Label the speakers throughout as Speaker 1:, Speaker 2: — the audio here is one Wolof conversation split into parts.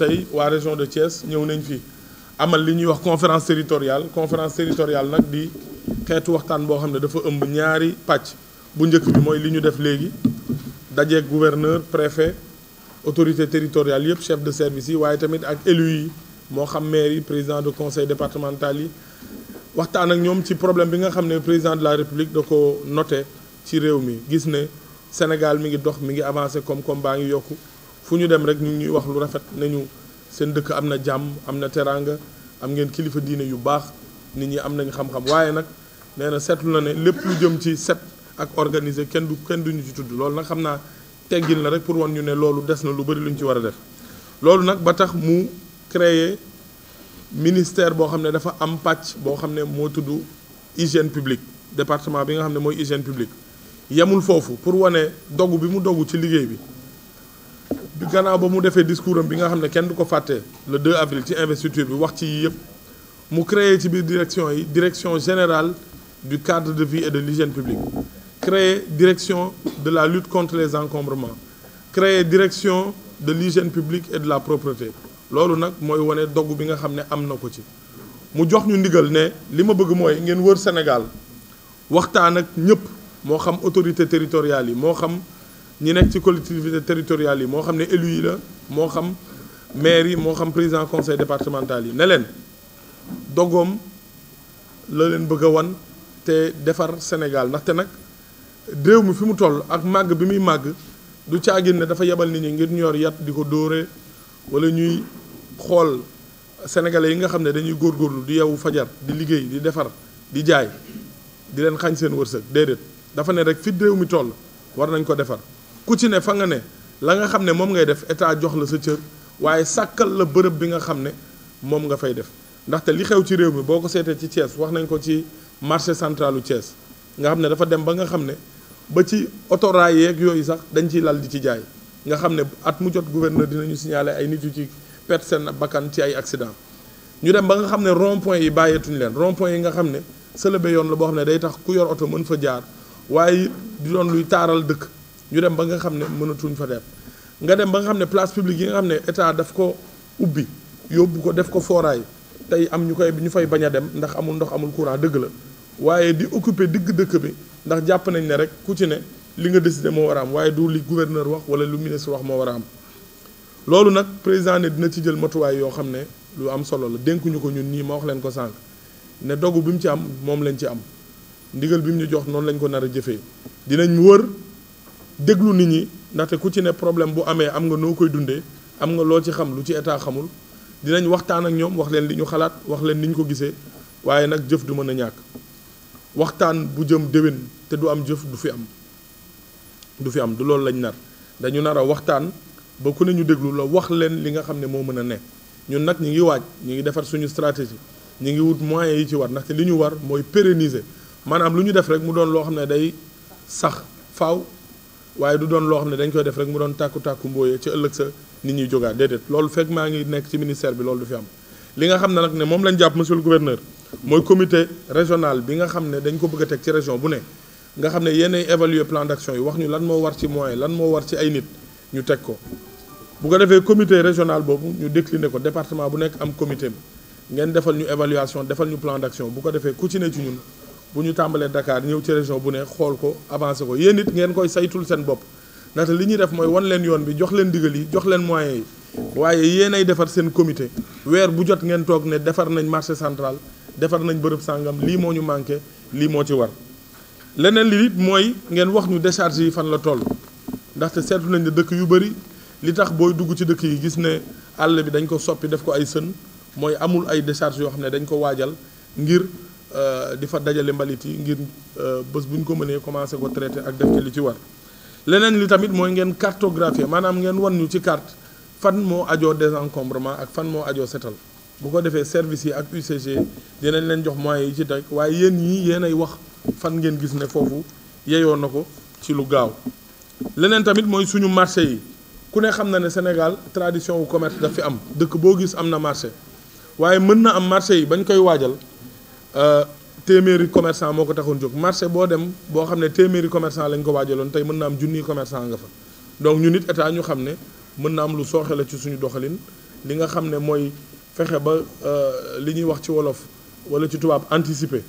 Speaker 1: tey waa région de Thiès ñëw nañ fii amal li ñuy wax conférence territoriale conférence territoriale nag di xeetu waxtaan boo xam ne dafa ëmb ñaari pàcc bu njëkk bi mooy li ñu def léegi dajeeg gouverneur préfet autorité territoriale yëpp chef de service yi waaye tamit ak élus yi moo xam maire président de conseil départemental yi waxtaan ak ñoom ci problème bi nga xam ne président de la république da ko noté ci réew mi gis ne Sénégal mi ngi dox mi ngi avancé koom baa ngi yokku fu ñu dem rek ñu ñuy wax lu rafet nañu seen dëkk am na jàmm am na teraanga am ngeen kilifa diine yu baax nit ñi am nañ xam-xam waaye nag nee na seetlu na ne lépp lu jëm ci set ak organiser kenn du kenn duñu ci tudd loolu nag xam naa teggin na rek pour wan ñu ne loolu des na lu bëri lu ñu ci war a def loolu nag ba tax mu créer ministère boo xam ne dafa am pàcc boo xam ne moo tudd hygiène publique département bi nga xam ne mooy hygiène publique yemul foofu pour wane dogu bi mu dogu ci liggéey bi bi gannaaw ba mu defee discours am bi nga xam ne kenn du ko fàtte le 2 avril ci investiture bi wax ci yii yëpp mu créer ci biir direction yi direction générale du cadre de vie et de l'hygiène publique créé direction de la lutte contre les encombrements créé direction de l'hygiène publique et de la propreté loolu nag mooy wane dogg bi nga xam ne am na ko ci mu jox ñu ndigal ne li ma bëgg mooy ngeen wër Sénégal waxtaan ak ñëpp moo xam autorité territoriale yi moo xam ñi nekk ci collectivité territoriales yi moo xam ne élus yi la moo xam maire yi moo xam président conseil départemental yi ne leen dogoom la leen bëgg a wan te defar Sénégal ndaxte nag réew mi fi mu toll ak màgg bi muy màgg du caagin ne dafa yebal nit ñi ngir ñor yat di ko dóoree wala ñuy xool sénégale yi nga xam ne dañuy góor góorlu di yeewu fajar di liggéey di defar di jaay di leen xañ seen wërsëg déedéet dafa ne rek fi réew mi toll war nañ ko defar ku ci ne fa nga ne la nga xam ne moom ngay def état jox la sa cër waaye sàkkal la bërëb bi nga xam ne moom nga fay def ndaxte li xew ci réew mi boo ko seetee ci Thiès wax nañ ko ci marché centralu Thiès nga xam ne dafa dem ba nga xam ne ba ci autorail yeeg yooyu sax dañ ciy lal di ci jaay nga xam ne at mu jot gouverneur dinañu signaler ay nit yu ci perte seen bakkan ci ay accident ñu dem ba nga xam ne rond yi bàyyeetuñu leen rond yi nga xam ne sëlëbe yoon la boo xam ne day tax ku yor oto mën fa jaar waaye di doon luy taaral dëkk ñu dem ba nga xam ne mënatuñ fa def nga dem ba nga xam ne place publique yi nga xam ne état daf ko ubbi yóbbu ko def ko fooraay tey am ñu koy ñu fay bañ a dem ndax amul ndox amul courant dëgg la waaye di occuper digg dëkk bi ndax jàpp nañ ne rek ku ci ne li nga décidé moo war a am waaye du li gouverneur wax wala lu ministre wax moo war a am loolu nag président ne dina ci jël matuwaay yoo xam ne lu am solo la dénkuñu ko ñun nii ma wax leen ko sànq ne dogu bi mu ci am moom lañ ci am ndigal bi mu ñu jox noonu lañ ko nar a jëfee déglu nit ñi ndaxte ku ci ne problème bu amee am nga noo koy dundee am nga loo ci xam lu ci état xamul dinañ waxtaan ak ñoom wax leen li ñu xalaat wax leen ni ñu ko gisee waaye nag jëf du mën a ñàkk waxtaan bu jëm déwén te du am jëf du fi am du fi am loolu lañ nar dañu nar a waxtaan ba ku ne ñu déglu la wax leen li nga xam ne moo mën a ne ñun nag ñi ngi waaj ñi ngi defar suñu stratégie ñi ngi wut moyens yi ci war ndaxte li ñu war mooy pérenniser maanaam lu ñu def rek mu doon loo xam ne day sax faaw waaye du doon loo xam ne dañ koy def rek mu doon tàkku tàkku mbooyee ci ëllëg sa nit ñuy jógaat déedéet loolu fekk maa ngi nekk ci ministère bi lool du fi am li nga xam ne nag ne moom lañ jàpp monsieur le mooy comité régional bi nga xam ne dañ ko bëgg a teg ci région bu ne nga xam ne yéenay évaluer plan d'action yi wax ñu lan moo war ci moyen lan moo war ci ay nit ñu teg ko bu ko defee comité régional boobu ñu décliné ko département bu nekk am comité ngeen defal ñu évaluation defal ñu plan d'action bu ko defee ku ci ne bu ñu tàmbalee ndakaar ñëw ci région bu ne xool ko avancé ko yéen it ngeen koy saytul seen bopp ndaxte li ñuy def mooy wan leen yoon bi jox leen digal yi jox leen moyens yi waaye yéen ay defar seen comité weer bu jot ngeen toog ne defar nañ marché central defar nañ bërëb sàngam lii moo ñu manqué lii moo ci war. leneen li it mooy ngeen wax ñu décharge yi fan la toll ndaxte seetu nañ ne dëkk yu bëri li tax booy dugg ci dëkk yi gis ne àll bi dañ ko soppi def ko ay sën mooy amul ay décharge yoo xam ne dañ ko waajal ngir. Euh, di fa dajale mbalit yi ngir euh, bés bu ñu ko mënee commencé ko traité ak def ci li ci war leneen li tamit mooy ngeen cartographier maanaam ngeen wan ñu ci carte fan moo ajoo désencombrement ak fan moo ajoo setal bu ko defee service yi ak UCG dinañ leen jox moyens yi ci teg waaye yéen ñii yéen ay wax fan ngeen gis ne foofu yeyoo na ko ci lu gaaw leneen tamit mooy suñu marché yi ku ne xam na ne Sénégal tradition wu commerce daf am dëkk boo gis am na marché waaye mën na am marché yi bañ koy waajal Euh, téeméeri commerçant moo ko taxoon jóg marché boo dem boo xam ne téeméeri commerçant lañ ko waajaloon tey mën naa am junniy commerçant nga fa donc ñu nit état ñu xam ne mën na am lu sooxe la ci suñu doxalin li nga xam ne mooy fexe ba euh, li ñuy wax ci wolof wala ci tubaab anticiper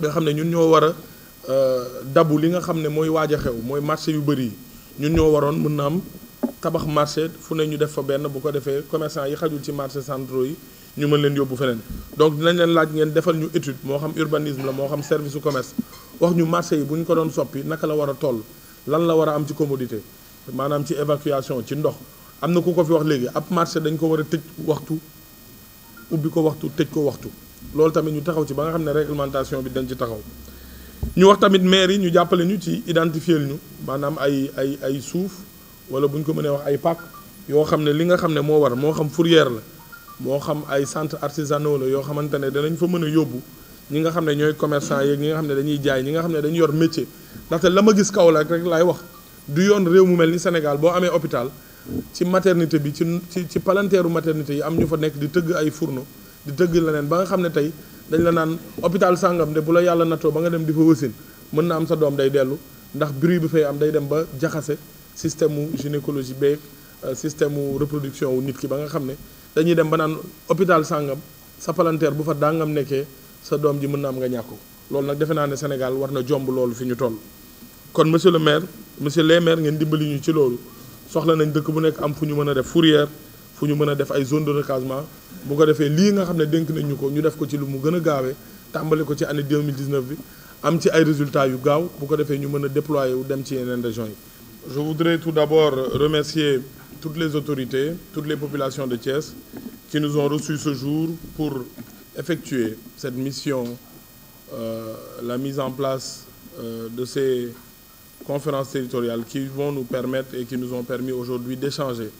Speaker 1: nga xam ne ñun ñoo war a euh, dabu li nga xam ne mooy waaja xew mooy marché yu bëri yi ñun ñoo waroon mën na am tabax marché fu ne ñu def fa benn bu ko defee commerçant yi xajul ci marché centraux yi ñu mën leen yóbbu feneen donc dinañ leen laaj ngeen defal ñu étude moo xam urbanisme la moo xam service su commerce wax ñu marché yi bu ñu ko doon soppi naka la war a toll lan la war a am ci commodité maanaam ci évacuation ci ndox am na ku ko fi wax léegi ab marché dañ ko war a tëj waxtu ubbi ko waxtu tëj ko waxtu loolu tamit ñu taxaw ci ba nga xam ne réglementation bi dañ ci taxaw ñu wax tamit maire yi ñu jàppale ñu ci identifier ñu maanaam ay ay ay suuf wala bu ñu ko mënee wax ay pàkk yoo xam ne li nga xam ne moo war moo xam fourière la moo xam ay centre artisanaux la yoo xamante ne danañ fa mën a yóbbu ñi nga xam ne ñooy commerçant yeeg ñi nga xam ne dañuy jaay ñi nga xam ne dañuy yor métier ndaxte la ma gis Kaolack rek laay wax du yoon réew mu mel ni Sénégal boo amee hôpital ci maternité bi ci ci ci palanteeru maternité yi am ñu fa nekk di tëgg ay fourno di tëgg leneen ba nga xam ne tey dañ la naan hôpital sàngam de bu la yàlla nattoo ba nga dem di fa wasin mën na am sa doom day dellu ndax bruit bi fay am day dem ba jaxase système mu gynécologie beeg euh, système mu reproduction wu nit ki ba nga xam ne dañuy dem ba naan hôpital sàngam sa palanteer bu fa dàngam nekkee sa doom ji mën na am nga ñàkk ko loolu nag defe naa ne Sénégal war na jomb loolu fi ñu toll. kon monsieur le maire monsieur les maires ngeen dimbali ñu ci loolu soxla nañ dëkk bu nekk am fu ñu mën a def fourrière fu ñu mën a def ay zone de recasement bu ko defee lii nga xam ne dénk nañ ñu ko ñu def ko ci lu mu gën a gaawee tàmbali ko ci année 2019 bi am ci ay résultats yu gaaw bu ko defee ñu mën a déployer wu dem ci yeneen régions yi. Je voudrais tout d'abord remercier toutes les autorités, toutes les populations de Thiès qui nous ont reçus ce jour pour effectuer cette mission, euh, la mise en place euh, de ces conférences territoriales qui vont nous permettre et qui nous ont permis aujourd'hui d'échanger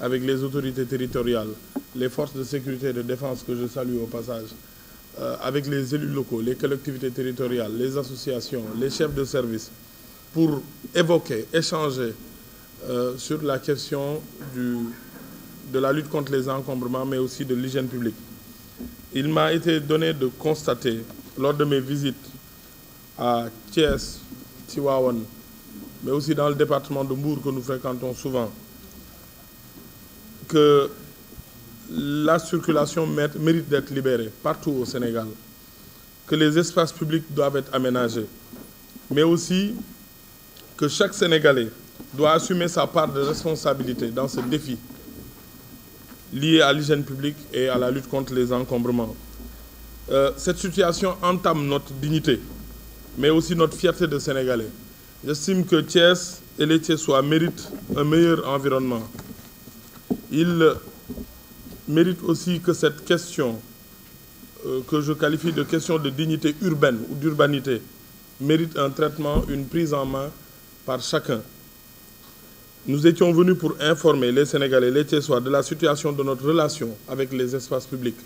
Speaker 1: avec les autorités territoriales, les forces de sécurité et de défense que je salue au passage, euh, avec les élus locaux, les collectivités territoriales, les associations, les chefs de service, pour évoquer, échanger euh, sur la question de la lutte contre les encombrements, mais aussi de l'hygiène publique. Il m'a été donné de constater, lors de mes visites à Thiès, Tiwawan, mais aussi dans le département de Mour que nous fréquentons souvent, que la circulation mérite d'être libérée partout au Sénégal, que les espaces publics doivent être aménagés, que chaque Sénégalais doit assumer sa part de responsabilité dans ce défi lié à l'hygiène publique et à la lutte contre les encombrements. Euh, cette situation entame notre dignité, mais aussi notre fierté de Sénégalais. J'estime que Thiès et les Thiessois méritent un meilleur environnement. Ils méritent aussi que cette question, euh, que je qualifie de question de dignité urbaine ou d'urbanité, mérite un traitement, une prise en main par chacun. Nous étions venus pour informer les Sénégalais, les Thiessois, de la situation de notre relation avec les espaces publics.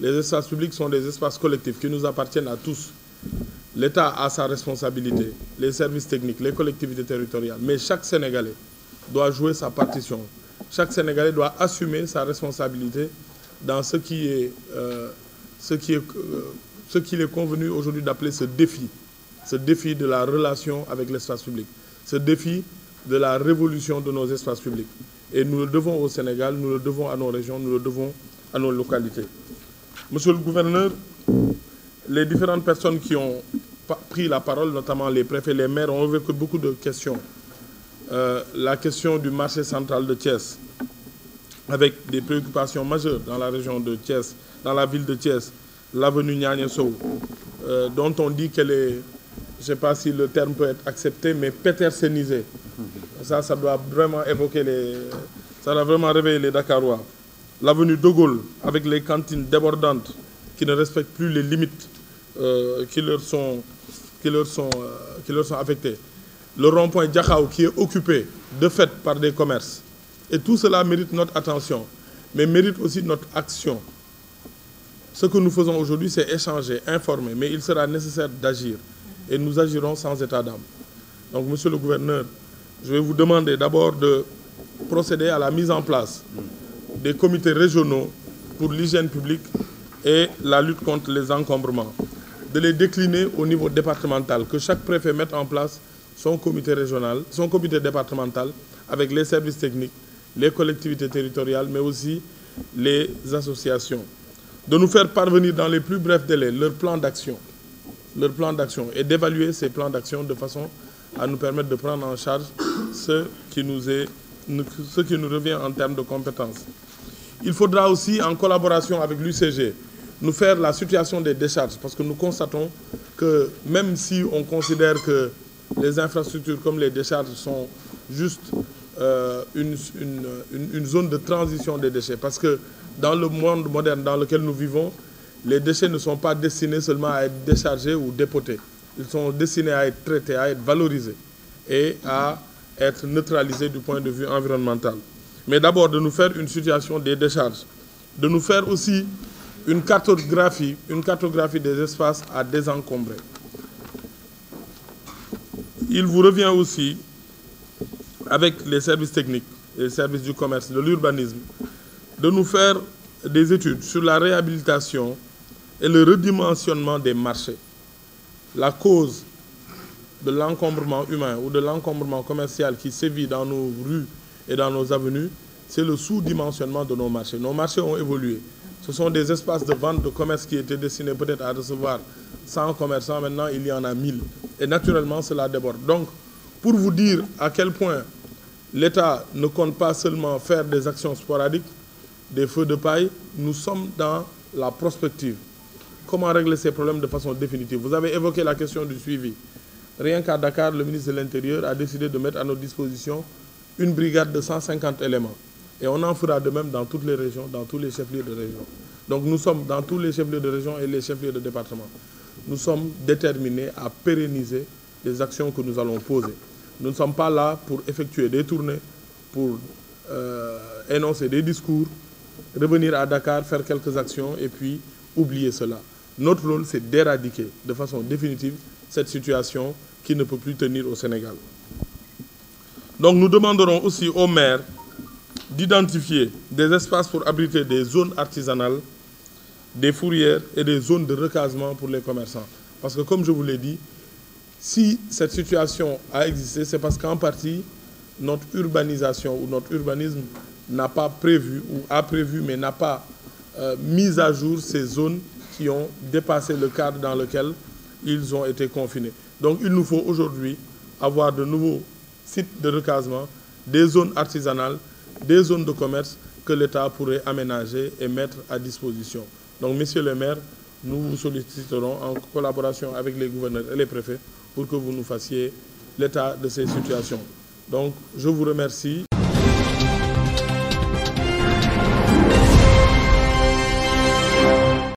Speaker 1: Les espaces publics sont des espaces collectifs qui nous appartiennent à tous. L'État a sa responsabilité, les services techniques, les collectivités territoriales, mais chaque Sénégalais doit jouer sa partition. Chaque Sénégalais doit assumer sa responsabilité dans ce qui est, euh, ce qui est, euh, ce qu'il est convenu aujourd'hui d'appeler ce défi. ce défi de la relation avec l'espace public, ce défi de la révolution de nos espaces publics. Et nous le devons au Sénégal, nous le devons à nos régions, nous le devons à nos localités. Monsieur le gouverneur, les différentes personnes qui ont pris la parole, notamment les préfets, les maires, ont évoqué beaucoup de questions. Euh, la question du marché central de Thiès, avec des préoccupations majeures dans la région de Thiès, dans la ville de Thiès, l'avenue Niagne-Sow, euh, dont on dit je sais pas si le terme peut être accepté, mais pétersenisé. Ça, ça doit vraiment évoquer les... Ça vraiment réveiller les Dakarois. L'avenue de avec les cantines débordantes, qui ne respectent plus les limites euh, qui leur sont, qui leur sont, euh, qui affectées. Le rond-point Diakhao, qui est occupé, de fait, par des commerces. Et tout cela mérite notre attention, mais mérite aussi notre action. Ce que nous faisons aujourd'hui, c'est échanger, informer, mais il sera nécessaire d'agir. et nous agirons sans état d'âme. Donc, monsieur le gouverneur, je vais vous demander d'abord de procéder à la mise en place des comités régionaux pour l'hygiène publique et la lutte contre les encombrements, de les décliner au niveau départemental, que chaque préfet mette en place son comité régional, son comité départemental avec les services techniques, les collectivités territoriales, mais aussi les associations, de nous faire parvenir dans les plus brefs délais leur plan leur plan d'action et d'évaluer ces plans d'action de façon à nous permettre de prendre en charge ce qui nous, est, ce qui nous revient en termes de compétences. Il faudra aussi, en collaboration avec l'UCG, nous faire la situation des décharges, parce que nous constatons que même si on considère que les infrastructures comme les décharges sont juste euh, une, une, une, une zone de transition des déchets, parce que dans le monde moderne dans lequel nous vivons, les déchets ne sont pas destinés seulement à être déchargés ou dépotés. Ils sont destinés à être traités, à être valorisés et à être neutralisés du point de vue environnemental. Mais d'abord, de nous faire une situation des décharges, de nous faire aussi une cartographie, une cartographie des espaces à désencombrer. Il vous revient aussi, avec les services techniques, les services du commerce, de l'urbanisme, de nous faire des études sur la réhabilitation et le redimensionnement des marchés. La cause de l'encombrement humain ou de l'encombrement commercial qui sévit dans nos rues et dans nos avenues, c'est le sous-dimensionnement de nos marchés. Nos marchés ont évolué. Ce sont des espaces de vente de commerce qui étaient destinés peut-être à recevoir 100 commerçants. Maintenant, il y en a Et naturellement, cela déborde. Donc, pour vous dire à quel point l'État ne compte pas seulement faire des actions sporadiques, des feux de paille, nous dans la prospective. comment régler ces problèmes de façon définitive Vous avez évoqué la question du Rien qu'à Dakar, le ministre de l'Intérieur a décidé de mettre à notre disposition une brigade de 150 éléments. Et on en fera de même dans toutes les régions, dans tous les chefs-lieux de région. Donc nous sommes dans tous les chefs-lieux de région et les chefs-lieux de département. Nous sommes déterminés à pérenniser les actions que nous allons poser. Nous ne sommes pas là pour effectuer des tournées, pour euh, énoncer des discours, revenir à Dakar, faire quelques puis oublier cela. Notre rôle, c'est d'éradiquer de façon définitive cette situation qui ne peut plus tenir au Sénégal. Donc nous demanderons aussi aux maires d'identifier des espaces pour abriter des zones artisanales, des fourrières et des zones de recasement pour les commerçants. Parce que comme je vous l'ai dit, si cette situation a existé, c'est parce qu'en partie, notre urbanisation ou notre urbanisme n'a pas prévu ou a prévu mais n'a pas euh, mise à jour ces zones qui ont dépassé le cadre dans lequel ils ont été confinés. Donc il nous faut aujourd'hui avoir de nouveaux sites de recasement, des zones artisanales, des zones de commerce que l'État pourrait aménager et mettre à disposition. Donc, messieurs les maires, nous vous solliciterons en collaboration avec les gouverneurs et les préfets pour que vous nous fassiez l'état de ces situations. je vous remercie.